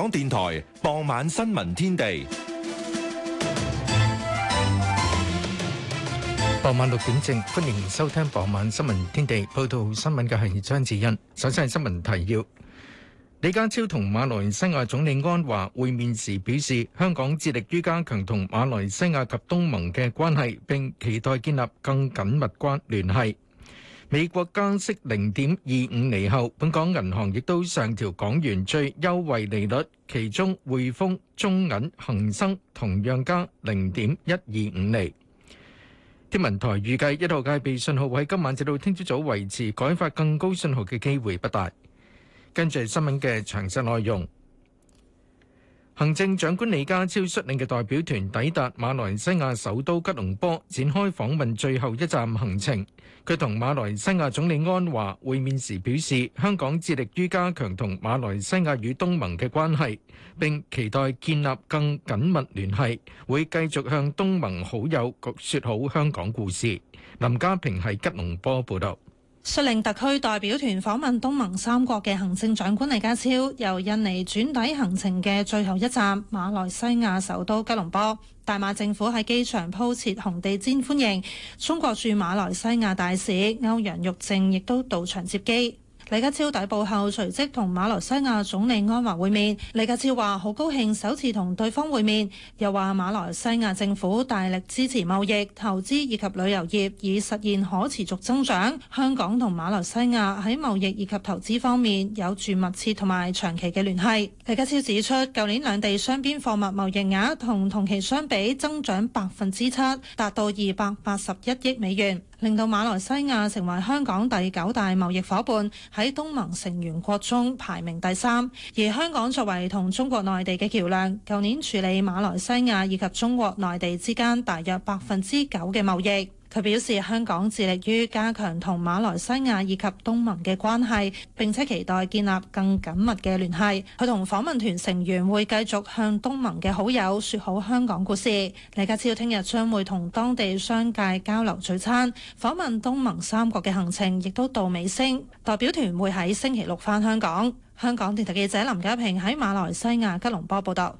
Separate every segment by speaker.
Speaker 1: 港電台傍晚新聞天地，
Speaker 2: 傍晚六點正歡迎收聽傍晚新聞天地。報道新聞嘅係張智欣。首先係新聞提要：李家超同馬來西亞總理安華會面時表示，香港致力於加強同馬來西亞及東盟嘅關係，並期待建立更緊密關聯繫。美國加息零點二五厘後，本港銀行亦都上調港元最優惠利率，其中匯豐、中銀、恒生同樣加零點一二五厘。天文台預計，一號戒備信號喺今晚至到聽朝早維持，改發更高信號嘅機會不大。跟住係新聞嘅詳細內容。行政長官李家超率領嘅代表團抵達馬來西亞首都吉隆坡，展開訪問最後一站行程。佢同馬來西亞總理安華會面時表示，香港致力於加強同馬來西亞與東盟嘅關係，並期待建立更緊密聯繫，會繼續向東盟好友講説好香港故事。林家平喺吉隆坡報導。
Speaker 3: 率領特區代表團訪問東盟三國嘅行政長官李家超，由印尼轉抵行程嘅最後一站馬來西亞首都吉隆坡，大馬政府喺機場鋪設紅地毯歡迎。中國駐馬來西亞大使歐陽玉靖亦都到場接機。李家超抵埗後，隨即同馬來西亞總理安華會面。李家超話：好高興首次同對方會面，又話馬來西亞政府大力支持貿易、投資以及旅遊業，以實現可持續增長。香港同馬來西亞喺貿易以及投資方面有住密切同埋長期嘅聯繫。李家超指出，舊年兩地雙邊貨物貿易額同同期相比增長百分之七，達到二百八十一億美元。令到馬來西亞成為香港第九大貿易夥伴，喺東盟成員國中排名第三。而香港作為同中國內地嘅橋梁，舊年處理馬來西亞以及中國內地之間大約百分之九嘅貿易。佢表示香港致力於加強同馬來西亞以及東盟嘅關係，並且期待建立更緊密嘅聯繫。佢同訪問團成員會繼續向東盟嘅好友說好香港故事。李家超聽日將會同當地商界交流聚餐，訪問東盟三國嘅行程亦都到尾聲。代表團會喺星期六返香港。香港電台記者林家平喺馬來西亞吉隆坡報道。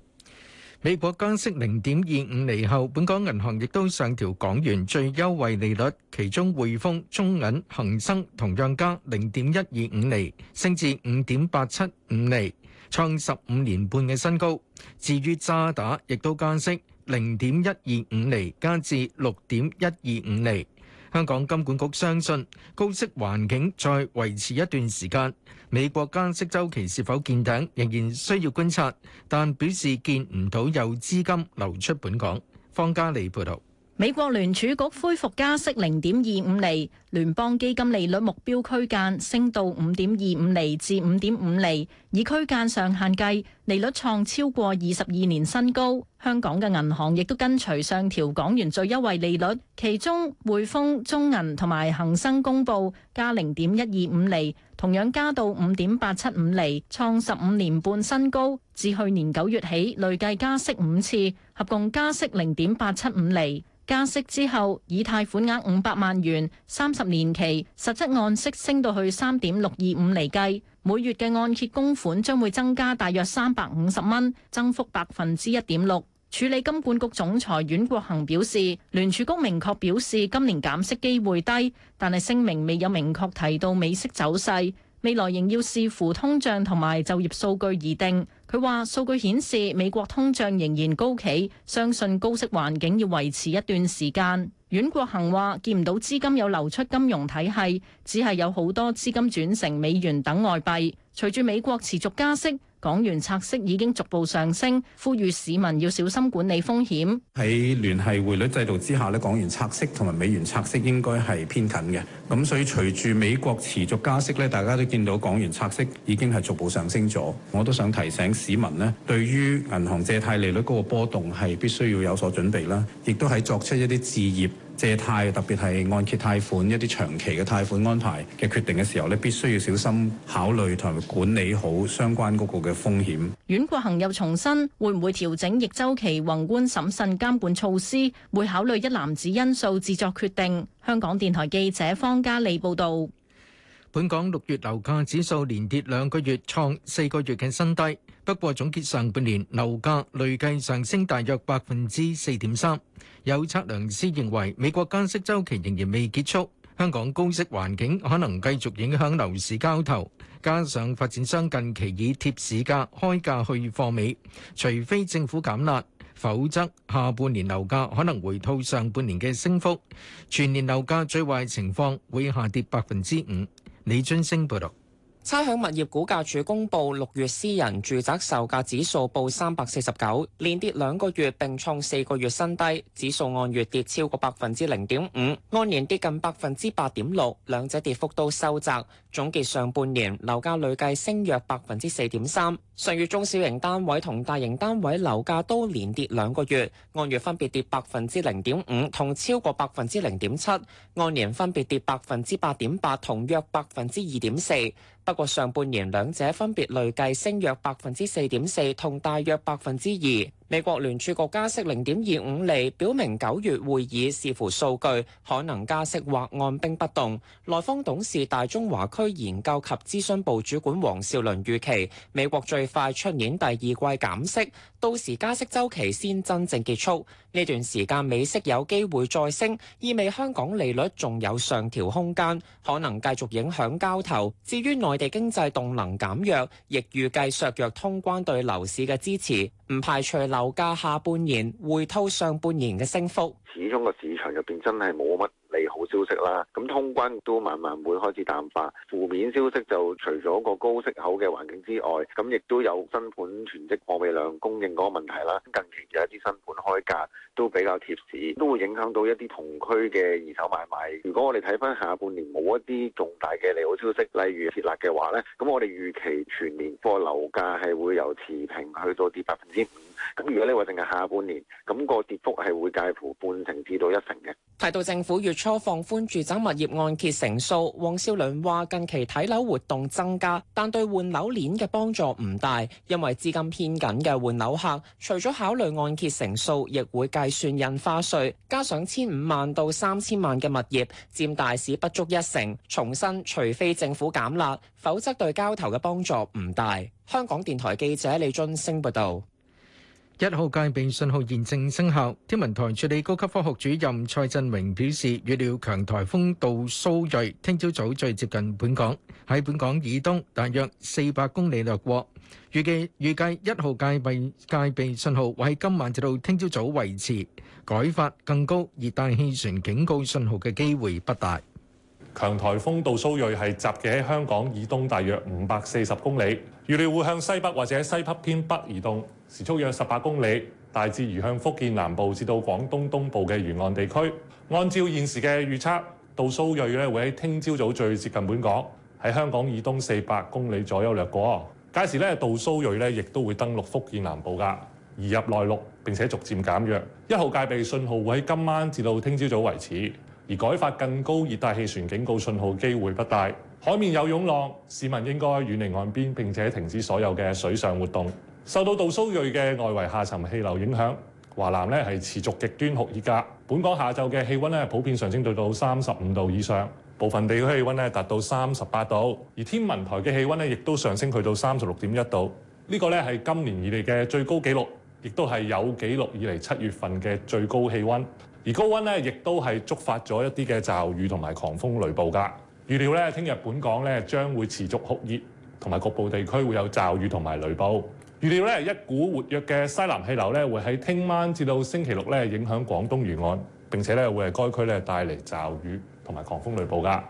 Speaker 2: 美國加息零點二五厘後，本港銀行亦都上調港元最優惠利率，其中匯豐、中銀、恒生同樣加零點一二五厘，升至五點八七五厘，創十五年半嘅新高。至於渣打，亦都加息零點一二五厘，加至六點一二五厘。香港金管局相信高息環境再維持一段時間，美國加息周期是否見頂仍然需要觀察，但表示見唔到有資金流出本港。方家利報道。
Speaker 4: 美國聯儲局恢復加息零點二五厘，聯邦基金利率目標區間升到五點二五厘至五點五厘，以區間上限計，利率創超過二十二年新高。香港嘅銀行亦都跟隨上調港元最優惠利率，其中匯豐、中銀同埋恒生公布加零點一二五厘，同樣加到五點八七五厘，創十五年半新高。自去年九月起累計加息五次，合共加息零點八七五厘。加息之後，以貸款額五百萬元、三十年期、實質按息升到去三點六二五嚟計，每月嘅按揭供款將會增加大約三百五十蚊，增幅百分之一點六。署理金管局總裁阮國恆表示，聯儲局明確表示今年減息機會低，但係聲明未有明確提到美息走勢。未來仍要視乎通脹同埋就業數據而定。佢話數據顯示美國通脹仍然高企，相信高息環境要維持一段時間。阮國恒話見唔到資金有流出金融體系，只係有好多資金轉成美元等外幣。隨住美國持續加息，港元拆息已經逐步上升，呼籲市民要小心管理風險。
Speaker 5: 喺聯繫匯率制度之下咧，港元拆息同埋美元拆息應該係偏近嘅。咁所以隨住美國持續加息咧，大家都見到港元拆息已經係逐步上升咗。我都想提醒市民咧，對於銀行借貸利率嗰個波動係必須要有所準備啦。亦都係作出一啲置業借貸特別係按揭貸款一啲長期嘅貸款安排嘅決定嘅時候咧，必須要小心考慮同埋管理好相關嗰個嘅風險。
Speaker 4: 阮國恒又重申，會唔會調整逆周期宏觀審慎監管措施，會考慮一籃子因素自作決定。香港電台記者方嘉莉報道。
Speaker 2: 本港六月樓價指數連跌兩個月，創四個月嘅新低。不過總結上半年樓價累計上升大約百分之四點三。有測量師認為，美國加息周期仍然未結束，香港高息環境可能繼續影響樓市交投。加上發展商近期以貼市價開價去貨尾，除非政府減辣，否則下半年樓價可能回吐上半年嘅升幅。全年樓價最壞情況會下跌百分之五。李津升報道。
Speaker 6: 差餉物業估價署公布六月私人住宅售價指數報三百四十九，連跌兩個月，並創四個月新低。指數按月跌超過百分之零點五，按年跌近百分之八點六，兩者跌幅都收窄。總結上半年樓價累計升約百分之四點三。上月中小型單位同大型單位樓價都連跌兩個月，按月分別跌百分之零點五同超過百分之零點七，按年分別跌百分之八點八同約百分之二點四。不過，上半年兩者分別累計升約百分之四點四同大約百分之二。美國聯儲局加息零點二五厘，表明九月會議視乎數據，可能加息或按兵不動。內方董事大中華區研究及諮詢部主管黃少倫預期，美國最快出年第二季減息，到時加息周期先真正結束。呢段時間美息有機會再升，意味香港利率仲有上調空間，可能繼續影響交投。至於內地經濟動能減弱，亦預計削弱通關對樓市嘅支持，唔排除樓價下半年回吐上半年嘅升幅，
Speaker 7: 始終個市場入邊真係冇乜利好消息啦。咁通關都慢慢會開始淡化，負面消息就除咗個高息口嘅環境之外，咁亦都有新盤囤積貨尾量供應嗰個問題啦。近期有一啲新盤開價都比較貼市，都會影響到一啲同區嘅二手買賣。如果我哋睇翻下半年冇一啲重大嘅利好消息，例如撤辣嘅話呢，咁我哋預期全年個樓價係會由持平去到跌百分之五。咁如果呢？話淨係下半年，咁個跌幅係會介乎半成至到一成嘅。
Speaker 6: 提到政府月初放寬住宅物業按揭成數，黃少倫話近期睇樓活動增加，但對換樓鏈嘅幫助唔大，因為資金偏緊嘅換樓客，除咗考慮按揭成數，亦會計算印花稅。加上千五萬到三千萬嘅物業，佔大市不足一成，重申除非政府減辣，否則對交投嘅幫助唔大。香港電台記者李俊升報道。一
Speaker 2: 號戒備信號現正生效。天文台助理高級科學主任蔡振榮表示，預料強颱風杜蘇芮聽朝早最接近本港，喺本港以東大約四百公里掠過。預計預計一號戒備戒備信號會喺今晚至到聽朝早維持，改發更高熱帶氣旋警告信號
Speaker 8: 嘅機會不大。強颱風杜蘇芮集結喺香港以東大約五百四十公里，預料會向西北或者西北偏北移動。時速約十八公里，大致移向福建南部至到廣東東部嘅沿岸地區。按照現時嘅預測，杜蘇瑞咧會喺聽朝早最接近本港，喺香港以東四百公里左右掠過。屆時咧，杜蘇瑞咧亦都會登陸福建南部㗎，移入內陸並且逐漸減弱。一號戒備信號會喺今晚至到聽朝早為止，而改發更高熱帶氣旋警告信號機會不大。海面有湧浪，市民應該遠離岸邊並且停止所有嘅水上活動。受到杜蘇芮嘅外圍下沉氣流影響，華南咧係持續極端酷熱㗎。本港下晝嘅氣温咧普遍上升到到三十五度以上，部分地區氣温咧達到三十八度，而天文台嘅氣温咧亦都上升去到三十六點一度。呢個咧係今年以嚟嘅最高紀錄，亦都係有紀錄以嚟七月份嘅最高氣温。而高温咧亦都係觸發咗一啲嘅驟雨同埋狂風雷暴噶。預料咧，聽日本港咧將會持續酷熱，同埋局部地區會有驟雨同埋雷暴。預料咧，一股活躍嘅西南氣流咧，會喺聽晚至到星期六咧影響廣東沿岸，並且咧會喺該區咧帶嚟驟雨同埋狂風雷暴㗎。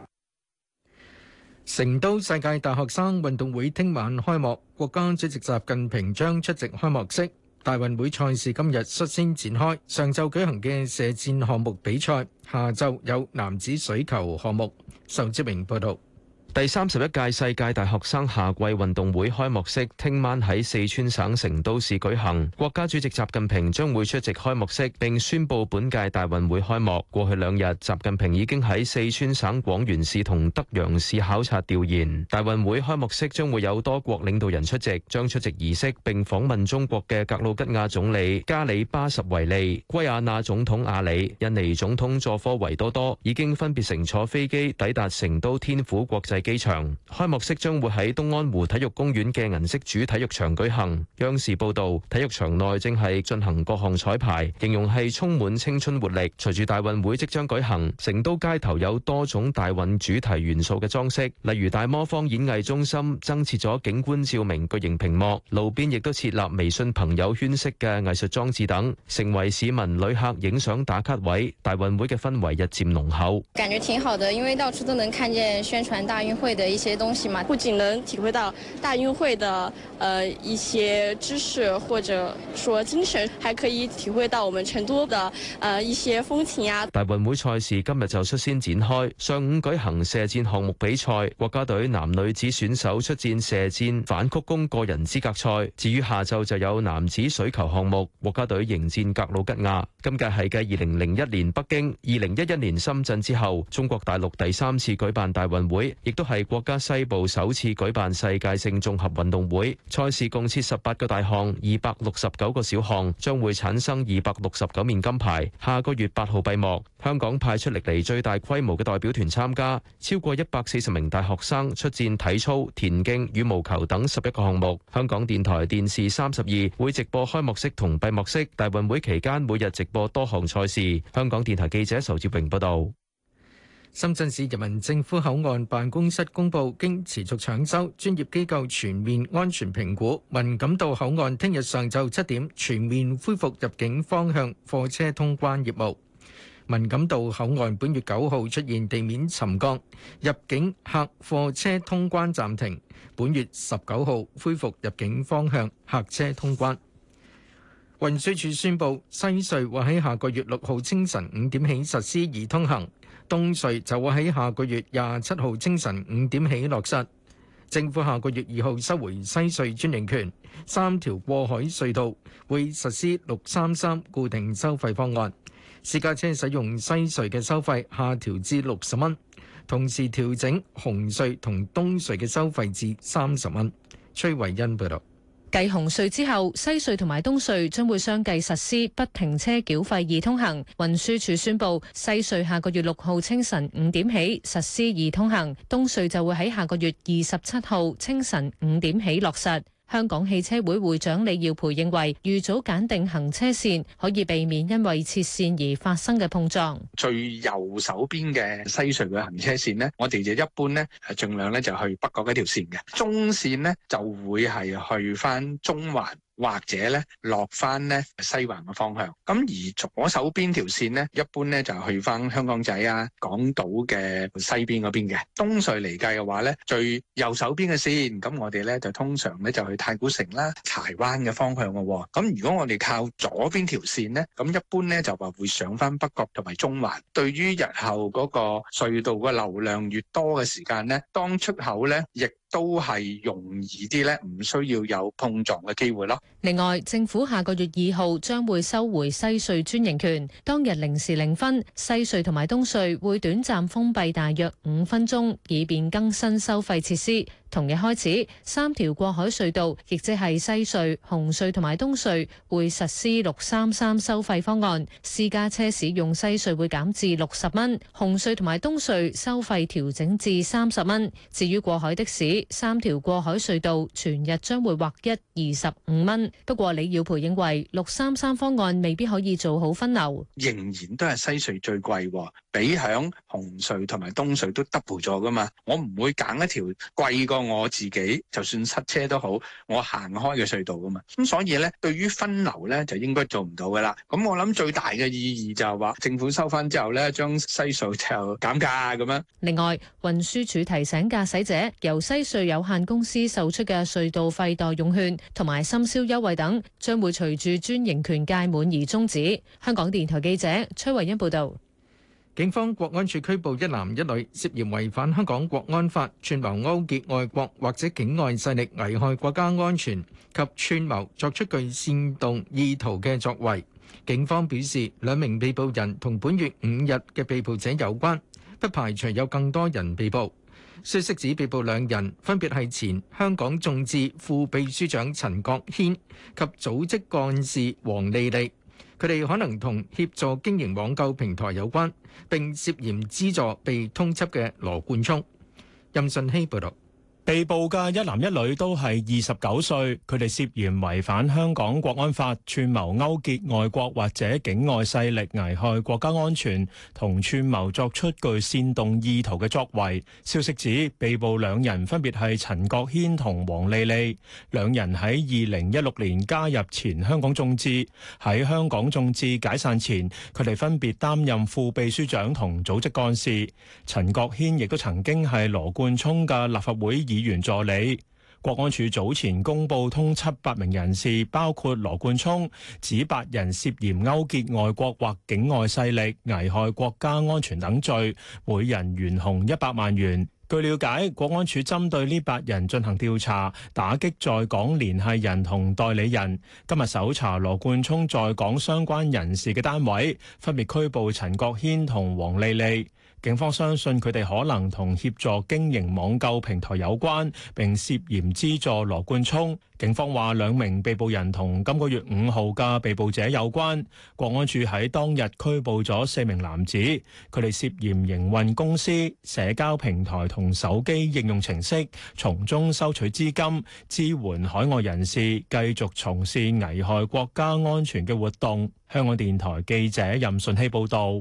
Speaker 8: 成都世界大
Speaker 2: 學生運動會聽晚開幕，國家主席習近平將出席開幕式。大運會賽事今日率先展開，上晝舉行嘅射箭項目比賽，下晝有男子水球項目。尚志明報導。第三十一屆世界大學生
Speaker 9: 夏季運動會開幕式聽晚喺四川省成都市舉行，國家主席習近平將會出席開幕式，並宣布本屆大運會開幕。過去兩日，習近平已經喺四川省廣元市同德陽市考察調研。大運會開幕式將會有多國領導人出席，將出席儀式並訪問中國嘅格魯吉亞總理加里巴什維利、圭亞那總統阿里、印尼總統佐科維多多已經分別乘坐飛機抵達成都天府國際機場開幕式將會喺東安湖體育公園嘅銀色主體育場舉行。央視報道，體育場內正係進行各項彩排，形容係充滿青春活力。隨住大運會即將舉行，成都街頭有多種大運主題元素嘅裝飾，例如大魔方演藝中心增設咗景觀照明、巨型屏幕，路邊亦都設立微信朋友圈式嘅藝術裝置等，成為市民旅客影相打卡位。大運會嘅氛圍日漸濃厚。
Speaker 10: 感覺挺好的，因為到處都能看見宣傳大會的一些東西嘛，不僅能體會到大運會的，呃，一些知識或者說精神，還可以體會到我們成都的，呃，一些風情啊。
Speaker 9: 大運會賽事今日就率先展開，上午舉行射箭項目比賽，國家隊男女子選手出戰射箭反曲弓個人資格賽。至於下晝就有男子水球項目，國家隊迎戰格魯吉亞。今屆係繼二零零一年北京、二零一一年深圳之後，中國大陸第三次舉辦大運會，亦，都係國家西部首次舉辦世界性綜合運動會，賽事共設十八個大項、二百六十九個小項，將會產生二百六十九面金牌。下個月八號閉幕，香港派出歷嚟最大規模嘅代表團參加，超過一百四十名大學生出戰體操、田徑、羽毛球等十一個項目。香港電台電視三十二會直播開幕式同閉幕式，大運會期間每日直播多項賽事。香港電台記者仇志榮報道。
Speaker 2: 深圳市人民政府口岸辦公室公佈，經持續搶修、專業機構全面安全評估，文錦渡口岸聽日上晝七點全面恢復入境方向貨車通關業務。文錦渡口岸本月九號出現地面沉降，入境客貨車通關暫停，本月十九號恢復入境方向客車通關。運輸署宣布，西隧會喺下個月六號清晨五點起實施易通行。東隧就會喺下個月廿七號清晨五點起落實，政府下個月二號收回西隧專營權，三條過海隧道會實施六三三固定收費方案，私家車使用西隧嘅收費下調至六十蚊，同時調整紅隧同東隧嘅收費至三十蚊。崔維恩報道。
Speaker 11: 繼紅隧之後，西隧同埋東隧將會相繼實施不停車繳費易通行。運輸署宣布，西隧下個月六號清晨五點起實施易通行，東隧就會喺下個月二十七號清晨五點起落實。香港汽車會會長李耀培認為，預早揀定行車線可以避免因為切線而發生嘅碰撞。
Speaker 5: 最右手邊嘅西隧嘅行車線呢，我哋就一般呢，係盡量咧就去北角嗰條線嘅。中線呢，就會係去返中環。或者咧落翻咧西環嘅方向，咁而左手邊條線咧，一般咧就去翻香港仔啊、港島嘅西邊嗰邊嘅東隧嚟計嘅話咧，最右手邊嘅線，咁我哋咧就通常咧就去太古城啦、啊、柴灣嘅方向嘅、啊、喎。咁如果我哋靠左邊條線咧，咁一般咧就話會上翻北角同埋中環。對於日後嗰個隧道嘅流量越多嘅時間咧，當出口咧亦，都係容易啲咧，唔需要有碰撞嘅機會咯。
Speaker 11: 另外，政府下個月二號將會收回西隧專營權，當日零時零分，西隧同埋東隧會短暫封閉大約五分鐘，以便更新收費設施。同日開始，三條過海隧道，亦即係西隧、紅隧同埋東隧，會實施六三三收費方案。私家車使用西隧會減至六十蚊，紅隧同埋東隧收費調整至三十蚊。至於過海的士，三條過海隧道全日將會劃一二十五蚊。不過，李耀培認為，六三三方案未必可以做好分流，
Speaker 5: 仍然都係西隧最貴。比響紅隧同埋東隧都 double 咗噶嘛？我唔會揀一條貴過我自己，就算塞車都好，我行開嘅隧道噶嘛。咁所以咧，對於分流咧，就應該做唔到噶啦。咁我諗最大嘅意義就係話，政府收翻之後咧，將西隧就減價噶嘛。
Speaker 11: 另外，運輸署提醒駕駛者，由西隧有限公司售出嘅隧道費代用券同埋深宵優惠等，將會隨住專營權屆滿而終止。香港電台記者崔慧欣報道。
Speaker 2: 警方國安處拘捕一男一女，涉嫌違反香港國安法，串謀勾結外國或者境外勢力危害國家安全及串謀作出具煽動意圖嘅作為。警方表示，兩名被捕人同本月五日嘅被捕者有關，不排除有更多人被捕。消息指被捕兩人分別係前香港衆志副秘書長陳國謙及組織幹事黃麗麗。佢哋可能同協助經營網購平台有關，並涉嫌資
Speaker 1: 助被通緝嘅羅冠聰。任信希報導。被捕嘅一男一女都係二十九歲，佢哋涉嫌違反香港國安法串謀勾結外國或者境外勢力危害國家安全，同串謀作出具煽動意圖嘅作為。消息指，被捕兩人分別係陳國軒同黃莉莉，兩人喺二零一六年加入前香港眾志，喺香港眾志解散前，佢哋分別擔任副秘書長同組織幹事。陳國軒亦都曾經係羅冠聰嘅立法會。議員助理，國安處早前公布通緝八名人士，包括羅冠聰，指八人涉嫌勾結外國或境外勢力，危害國家安全等罪，每人懸紅一百萬元。據了解，國安處針對呢八人進行調查，打擊在港聯繫人同代理人。今日搜查羅冠聰在港相關人士嘅單位，分別拘捕陳國謙同黃莉莉。警方相信佢哋可能同協助經營網購平台有關，並涉嫌資助羅冠聰。警方話兩名被捕人同今個月五號嘅被捕者有關。國安處喺當日拘捕咗四名男子，佢哋涉嫌營運公司、社交平台同手機應用程式，從中收取資金，支援海外人士繼續從事危害國家安全嘅活動。香港電台記者任順希報道。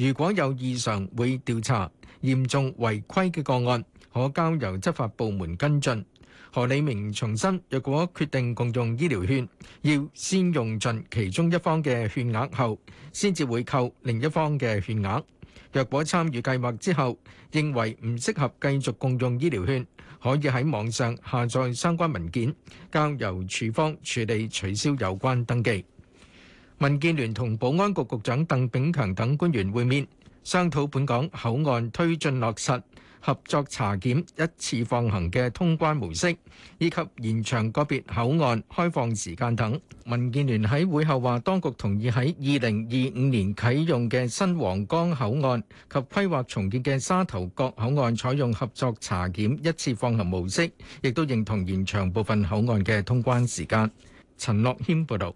Speaker 2: 如果有異常會調查，嚴重違規嘅個案可交由執法部門跟進。何利明重申，若果決定共用醫療券，要先用盡其中一方嘅券額後，先至會扣另一方嘅券額。若果參與計劃之後認為唔適合繼續共用醫療券，可以喺網上下載相關文件，交由署方處理取消有關登記。民建聯同保安局局長鄧炳強等官員會面，商討本港口岸推進落實合作查檢一次放行嘅通關模式，以及延長個別口岸開放時間等。民建聯喺會後話，當局同意喺二零二五年啟用嘅新皇崗口岸及規劃重建嘅沙頭角口岸採用合作查檢一次放行模式，亦都認同延長部分口岸嘅通關時間。陳樂軒報導。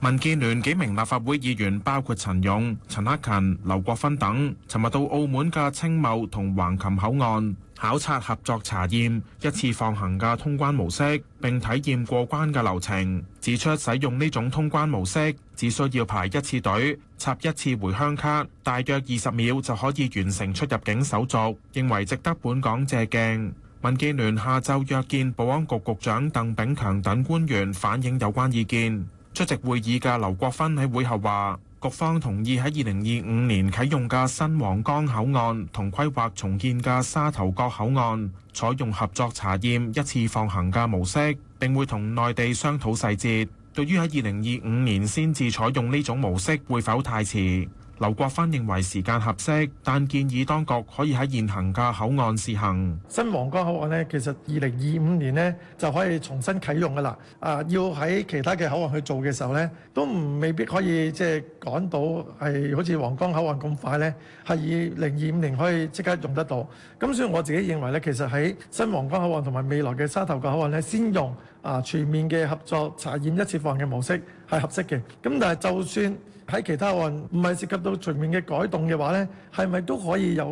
Speaker 12: 民建聯幾名立法會議員，包括陳勇、陳克勤、劉國勳等，尋日到澳門嘅青茂同橫琴口岸考察合作查驗一次放行嘅通關模式，並體驗過關嘅流程，指出使用呢種通關模式只需要排一次隊、插一次回鄉卡，大約二十秒就可以完成出入境手續，認為值得本港借鏡。民建聯下晝約見保安局局長鄧炳強等官員，反映有關意見。出席會議嘅劉國勳喺會後話：局方同意喺二零二五年啟用嘅新皇崗口岸同規劃重建嘅沙頭角口岸採用合作查驗一次放行嘅模式，並會同內地商討細節。對於喺二零二五年先至採用呢種模式，會否太遲？劉國芬認為時間合適，但建議當局可以喺現行嘅口岸試行。新皇崗口岸呢，其實二零二五年呢就可以重新啟用噶啦。啊，要喺其他嘅口岸去做嘅時候呢，都唔未必可以即係趕到係好似皇崗口岸咁快呢，係二零二五年可以即刻用得到。咁所以我自己認為呢，其實喺新皇崗口岸同埋未來嘅沙頭角口岸呢，先用啊全面嘅合作查驗一次放行嘅模式係合適嘅。咁但係就算喺其他案唔係涉及到全面嘅改動嘅話，呢係咪都可以有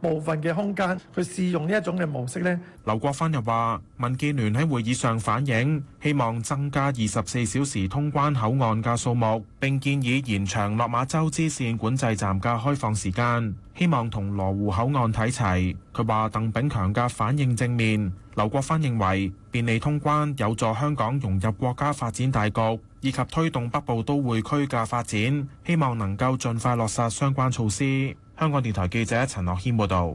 Speaker 12: 部分嘅空間去試用呢一種嘅模式呢？劉國芬又話民建聯喺會議上反映，希望增加二十四小時通關口岸嘅數目，並建議延長落馬洲支線管制站嘅開放時間。希望同羅湖口岸睇齊。佢話：鄧炳強嘅反應正面。劉國芬認為，便利通關有助香港融入國家發展大局，以及推動北部都會區嘅發展。希望能夠盡快落實相關措施。香港電台記者陳樂軒報道。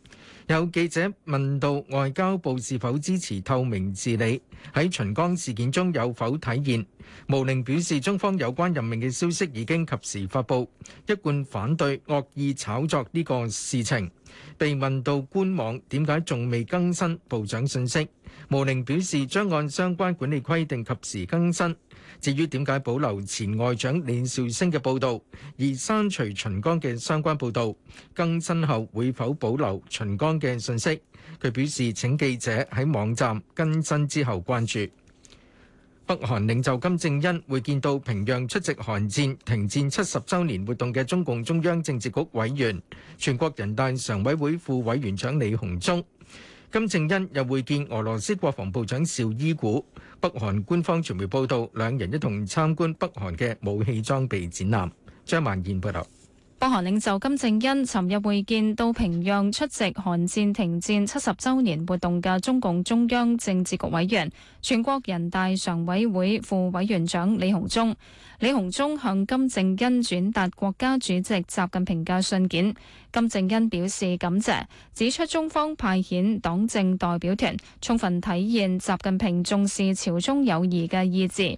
Speaker 2: 有記者問到外交部是否支持透明治理，喺秦剛事件中有否體現？毛寧表示，中方有關任命嘅消息已經及時發布，一貫反對惡意炒作呢個事情。被問到官網點解仲未更新部長信息，毛寧表示將按相關管理規定及時更新。至於點解保留前外長李肇星嘅報導，而刪除秦剛嘅相關報導？更新後會否保留秦剛嘅信息？佢表示請記者喺網站更新之後關注。北韓領袖金正恩會見到平壤出席韓戰停戰七十週年活動嘅中共中央政治局委員、全國人大常委會副委員長李鴻忠。金正恩又會見俄羅斯國防部長邵伊古，北韓官方傳媒報道，兩人一同參觀北韓嘅武器裝備展覽。張萬燕報導。
Speaker 10: 北韓領袖金正恩尋日會見到平壤出席韓戰停戰七十週年活動嘅中共中央政治局委員、全國人大常委會副委員長李鴻忠。李鴻忠向金正恩轉達國家主席習近平嘅信件。金正恩表示感謝，指出中方派遣黨政代表團，充分體現習近平重視朝中友誼嘅意志。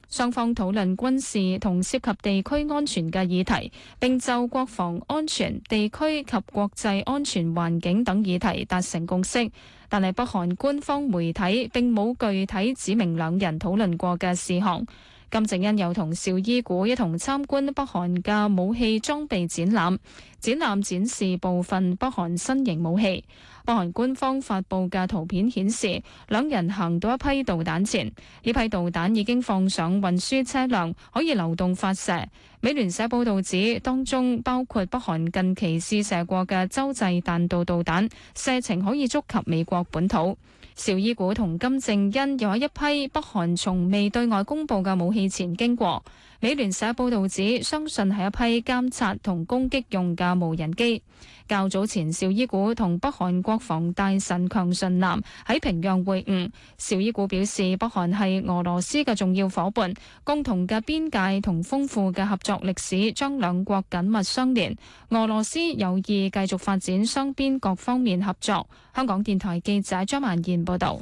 Speaker 10: 雙方討論軍事同涉及地區安全嘅議題，並就國防安全、地區及國際安全環境等議題達成共識。但係北韓官方媒體並冇具體指明兩人討論過嘅事項。金正恩又同邵伊古一同參觀北韓嘅武器裝備展覽，展覽展示部分北韓新型武器。北韓官方發布嘅圖片顯示，兩人行到一批導彈前，呢批導彈已經放上運輸車輛，可以流動發射。美聯社報導指，當中包括北韓近期試射過嘅洲際彈道導彈，射程可以觸及美國本土。邵伊古同金正恩又喺一批北韓從未對外公布嘅武器前經過。美聯社報道指，相信係一批監察同攻擊用嘅無人機。較早前，紹伊古同北韓國防大臣強信南喺平壤會晤。紹伊古表示，北韓係俄羅斯嘅重要夥伴，共同嘅邊界同豐富嘅合作歷史將兩國緊密相連。俄羅斯有意繼續發展雙邊各方面合作。香港電台記者張萬燕報道。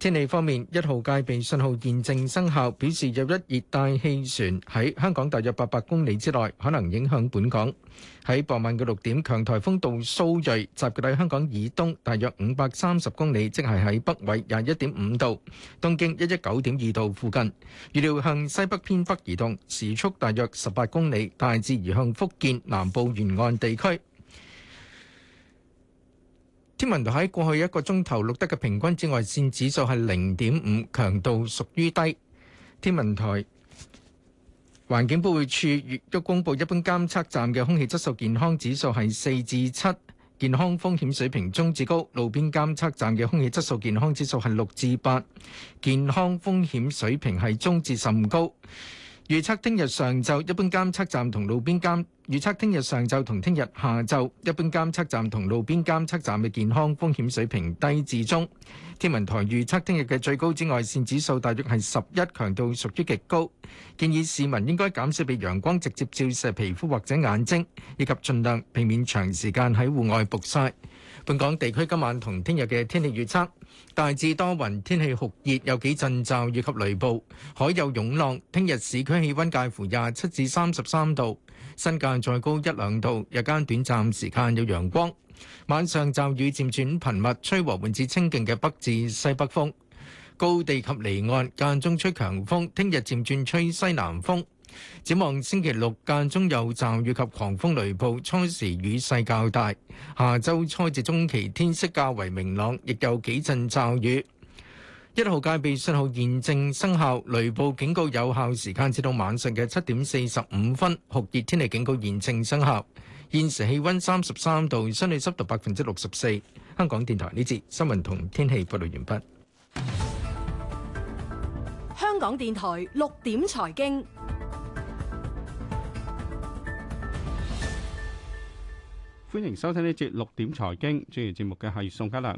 Speaker 2: 天氣方面，一號戒備信號現正生效，表示有一熱帶氣旋喺香港大約八百公里之內，可能影響本港。喺傍晚嘅六點，強颱風杜蘇芮，集結喺香港以東大約五百三十公里，即係喺北緯廿一點五度、東經一一九點二度附近。預料向西北偏北移動，時速大約十八公里，大致移向福建南部沿岸地區。天文台喺過去一個鐘頭錄得嘅平均紫外線指數係零點五，強度屬於低。天文台環境保護處亦都公佈一般監測站嘅空氣質素健康指數係四至七，健康風險水平中至高；路邊監測站嘅空氣質素健康指數係六至八，健康風險水平係中至甚高。預測聽日上晝一般監測站同路邊監預測聽日上晝同聽日下晝一般監測站同路邊監測站嘅健康風險水平低至中。天文台預測聽日嘅最高紫外線指數大約係十一，強度屬於極高，建議市民應該減少被陽光直接照射皮膚或者眼睛，以及盡量避免長時間喺戶外曝曬。本港地區今晚同聽日嘅天氣預測大致多雲，天氣酷熱，有幾陣驟雨及雷暴，海有湧浪。聽日市區氣溫介乎廿七至三十三度，新界再高一兩度。日間短暫時間有陽光，晚上驟雨漸轉頻密，吹和緩至清勁嘅北至西北風。高地及離岸間中吹強風。聽日漸轉吹西南風。展望星期六間中有驟雨及狂風雷暴，初時雨勢較大。下周初至中期天色較為明朗，亦有幾陣驟雨。一號戒備信號現正生效，雷暴警告有效時間至到晚上嘅七點四十五分。酷熱天氣警告現正生效。現時氣溫三十三度，相對濕度百分之六十四。香港電台呢節新聞同天氣報道完畢。
Speaker 4: 香港電台六點財經。
Speaker 13: 歡迎收聽呢節六點財經，主持節目嘅係宋嘉良。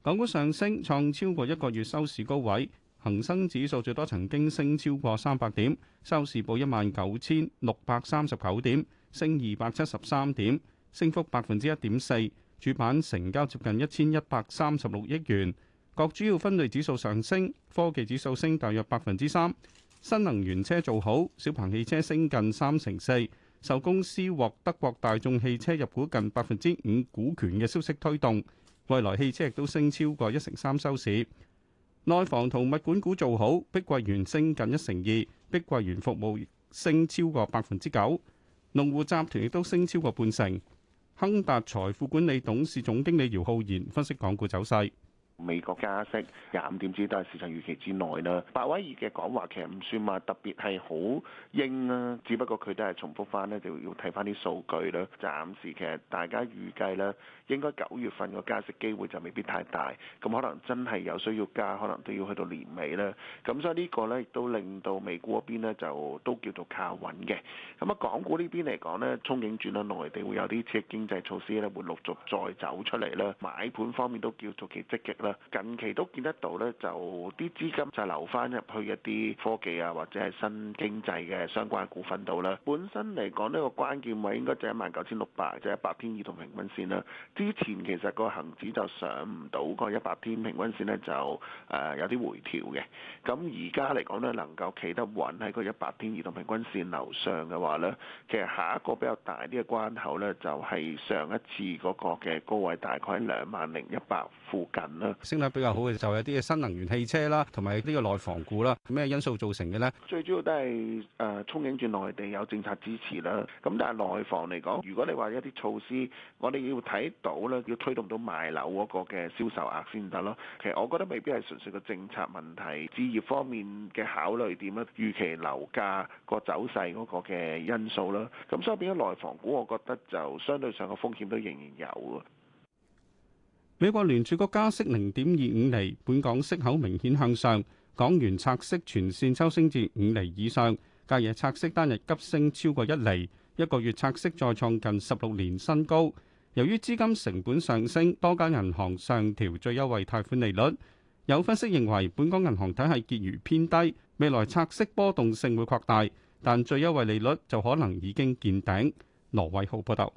Speaker 13: 港股上升，創超過一個月收市高位，恆生指數最多曾經升超過三百點，收市報一萬九千六百三十九點，升二百七十三點，升幅百分之一點四。主板成交接近一千一百三十六億元，各主要分類指數上升，科技指數升大約百分之三，新能源車做好，小鵬汽車升近三成四。受公司獲德國大眾汽車入股近百分之五股權嘅消息推動，蔚來汽車亦都升超過一成三收市。內房同物管股做好，碧桂園升近一成二，碧桂園服務升超過百分之九，龍湖集團亦都升超過半成。亨達財富管理董事總經理姚浩然分析港股走勢。美國
Speaker 7: 加息廿五點子，都係市場預期之內啦。白威爾嘅講話其實唔算話特別係好硬啦，只不過佢都係重複翻呢，就要睇翻啲數據啦。暫時其實大家預計呢，應該九月份個加息機會就未必太大，咁可能真係有需要加，可能都要去到年尾啦。咁所以呢個呢，亦都令到美股嗰邊咧，就都叫做靠穩嘅。咁啊，港股呢邊嚟講呢，憧憬轉啦，內地會有啲嘅經濟措施呢，會陸續再走出嚟啦。買盤方面都叫做其積極啦。近期都見得到咧，就啲資金就流翻入去一啲科技啊，或者係新經濟嘅相關股份度啦。本身嚟講，呢個關鍵位應該就一萬九千六百，即係一百天移動平均線啦。之前其實個恒指就上唔到個一百天平均線呢，就誒有啲回調嘅。咁而家嚟講呢，能夠企得穩喺個一百天移動平均線樓上嘅話呢，其實下一個比較大啲嘅關口呢，就係上一次嗰個嘅高位，大概喺兩萬零一百附近啦。升得比較
Speaker 13: 好嘅就有啲嘅新能源汽車啦，同埋呢個內房股啦。咩因素造成嘅咧？
Speaker 7: 最主要都係誒、呃、憧憬住內地有政策支持啦。咁、啊、但係內房嚟講，如果你話一啲措施，我哋要睇到咧，要推動到賣樓嗰個嘅銷售額先得咯。其實我覺得未必係純粹個政策問題，置業方面嘅考慮點咧，預期樓價、個走勢嗰個嘅因素啦。咁、啊、所以變咗內房股，我覺得就相對上個風險都仍然有
Speaker 13: 美國聯儲局加息零點二五厘，本港息口明顯向上，港元拆息全線抽升至五厘以上，隔夜拆息單日急升超過一厘，一個月拆息再創近十六年新高。由於資金成本上升，多家銀行上調最優惠貸款利率。有分析認為，本港銀行體系結餘偏低，未來拆息波動性會擴大，但最優惠利率就可能已經見頂。羅偉浩報道。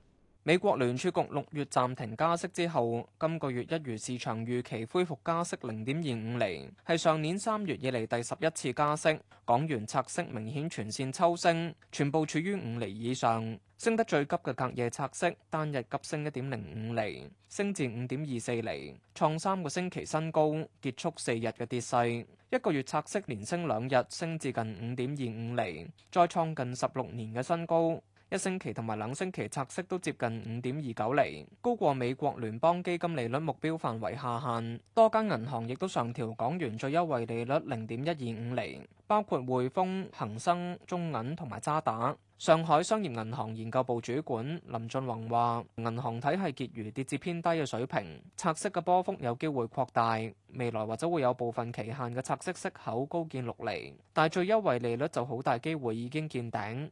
Speaker 13: 美
Speaker 14: 國聯儲局六月暫停加息之後，今個月一如市場預期恢復加息零點二五厘，係上年三月以嚟第十一次加息。港元拆息明顯全線抽升，全部處於五厘以上，升得最急嘅隔夜拆息單日急升一點零五厘，升至五點二四厘，創三個星期新高，結束四日嘅跌勢。一個月拆息連升兩日，升至近五點二五厘，再創近十六年嘅新高。一星期同埋兩星期拆息都接近五點二九厘，高過美國聯邦基金利率目標範圍下限。多間銀行亦都上調港元最優惠利率零點一二五厘，包括匯豐、恒生、中銀同埋渣打。上海商業銀行研究部主管林俊宏話，銀行體系結餘跌至偏低嘅水平，拆息嘅波幅有機會擴大，未來或者會有部分期限嘅拆息息口高見六厘，但最優惠利率就好大機會已經見頂。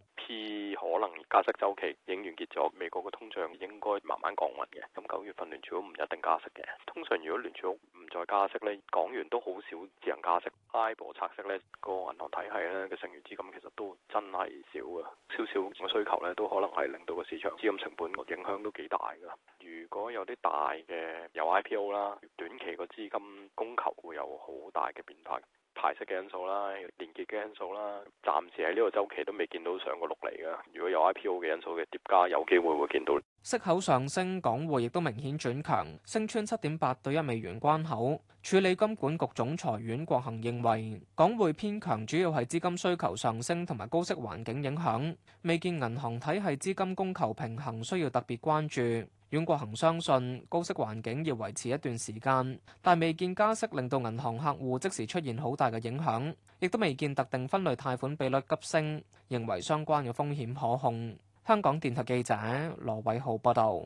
Speaker 1: 加息周期影完結咗，美國嘅通脹應該慢慢降溫嘅。咁九月份聯儲局唔一定加息嘅。通常如果聯儲局唔再加息呢，港元都好少自行加息。HIBOR 拆息呢，個銀行體系呢嘅剩餘資金其實都真係少啊，少少嘅需求呢都可能係令到個市場資金成本個影響都幾大㗎。如果有啲大嘅有 IPO 啦，短期個資金供求會有好大嘅變態。派息嘅因素啦，連結嘅因素啦，暫時喺呢個周期都未見到上過六厘㗎。如果有 IPO 嘅因素嘅疊加，有機會會見到
Speaker 14: 息口上升，港匯亦都明顯轉強，升穿七點八對一美元關口。署理金管局總裁阮國恒認為，港匯偏強主要係資金需求上升同埋高息環境影響，未見銀行體系資金供求平衡，需要特別關注。阮國恒相信高息環境要維持一段時間，但未見加息令到銀行客戶即時出現好大嘅影響，亦都未見特定分類貸款比率急升，認為相關嘅風險可控。香港電台記者羅偉浩報道。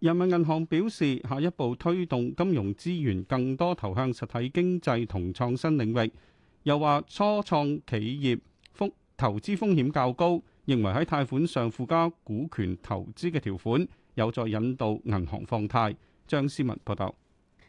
Speaker 13: 人民銀行表示，下一步推動金融資源更多投向實體經濟同創新領域，又話初創企業投資風險較高，認為喺貸款上附加股權投資嘅條款，有助引導銀行放貸。張思文報道。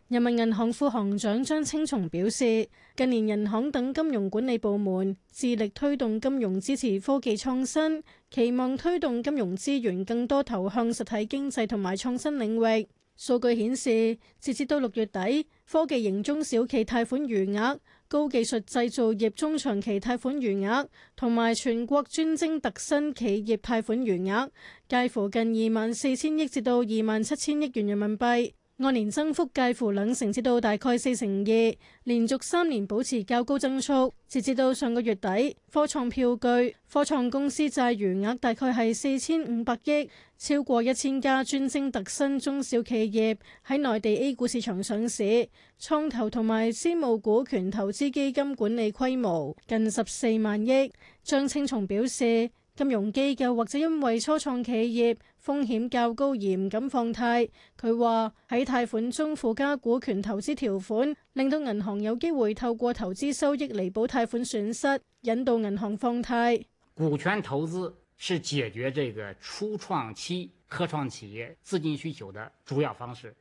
Speaker 15: 人民銀行副行長張青松表示，近年人行等金融管理部門致力推動金融支持科技創新，期望推動金融資源更多投向實體經濟同埋創新領域。數據顯示，截至到六月底，科技型中小企貸款餘額、高技術製造業中長期貸款餘額同埋全國專精特新企業貸款餘額，介乎近二萬四千億至到二萬七千億元人民幣。按年增幅介乎兩成至到大概四成二，連續三年保持較高增速。截至到上個月底，科創票據、科創公司債餘額，額大概係四千五百億，超過一千家專精特新中小企業喺內地 A 股市場上市。創投同埋私募股權投資基金管理規模近十四萬億。張青松表示。金融機構或者因為初創企業風險較高而唔敢放貸。佢話喺貸款中附加股權投資條款，令到銀行有機會透過投資收益彌補貸款損失，引導銀行放貸。
Speaker 6: 股權投資是解決這個初創期科創企業資金需求的主要方式，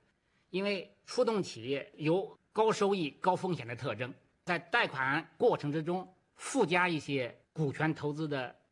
Speaker 6: 因為初創企業有高收益、高風險的特徵，在貸款過程之中附加一些股權投資的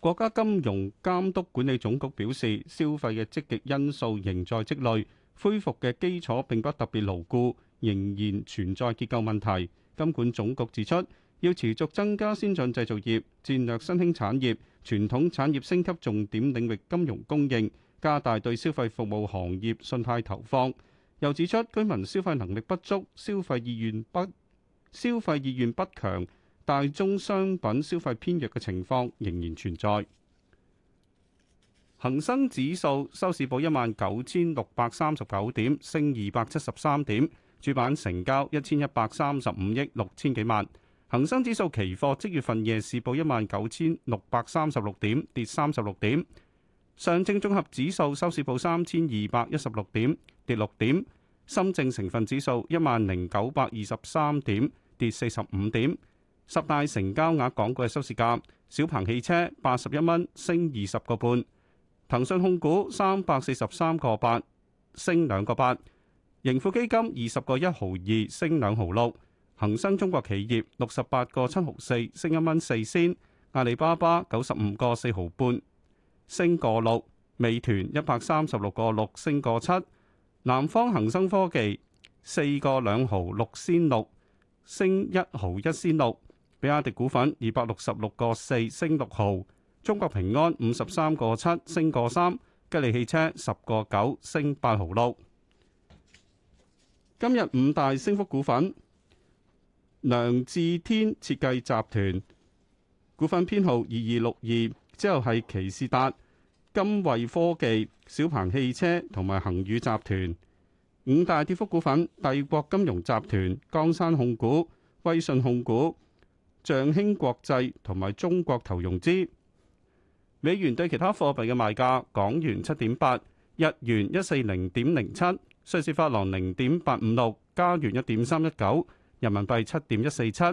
Speaker 13: 國家金融監督管理總局表示，消費嘅積極因素仍在積累，恢復嘅基礎並不特別牢固，仍然存在結構問題。金管總局指出，要持續增加先進製造業、戰略新興產業、傳統產業升級重點領域金融供應，加大對消費服務行業信貸投放。又指出，居民消費能力不足，消費意願不，消費意願不強。大宗商品消費偏弱嘅情況仍然存在。恒生指數收市報一萬九千六百三十九點，升二百七十三點，主板成交一千一百三十五億六千幾萬。恒生指數期貨即月份夜市報一萬九千六百三十六點，跌三十六點。上證綜合指數收市報三千二百一十六點，跌六點。深證成分指數一萬零九百二十三點，跌四十五點。十大成交額港股嘅收市價，小鵬汽車八十一蚊升二十個半，騰訊控股三百四十三個八升兩個八，盈富基金二十個一毫二升兩毫六，恒生中國企業六十八個七毫四升一蚊四仙，阿里巴巴九十五個四毫半升個六，美團一百三十六個六升個七，南方恒生科技四個兩毫六仙六升一毫一仙六。比亞迪股份二百六十六個四升六毫，中國平安五十三個七升個三，吉利汽車十個九升八毫六。今日五大升幅股份：梁志天設計集團股份編號二二六二，之後係奇士達、金惠科技、小鵬汽車同埋恒宇集團。五大跌幅股份：帝國金融集團、江山控股、威信控股。象興國際同埋中國投融資，美元對其他貨幣嘅賣價：港元七點八，日元一四零點零七，瑞士法郎零點八五六，加元一點三一九，人民幣七點一四七，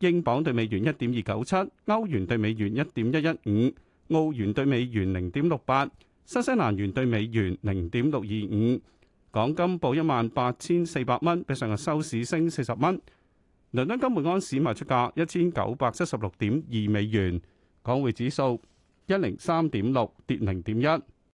Speaker 13: 英鎊兌美元一點二九七，歐元兌美元一點一一五，澳元兌美元零點六八，新西蘭元兌美元零點六二五。港金報一萬八千四百蚊，比上日收市升四十蚊。倫敦金每安士賣出價一千九百七十六點二美元，港匯指數一零三點六，跌零點一。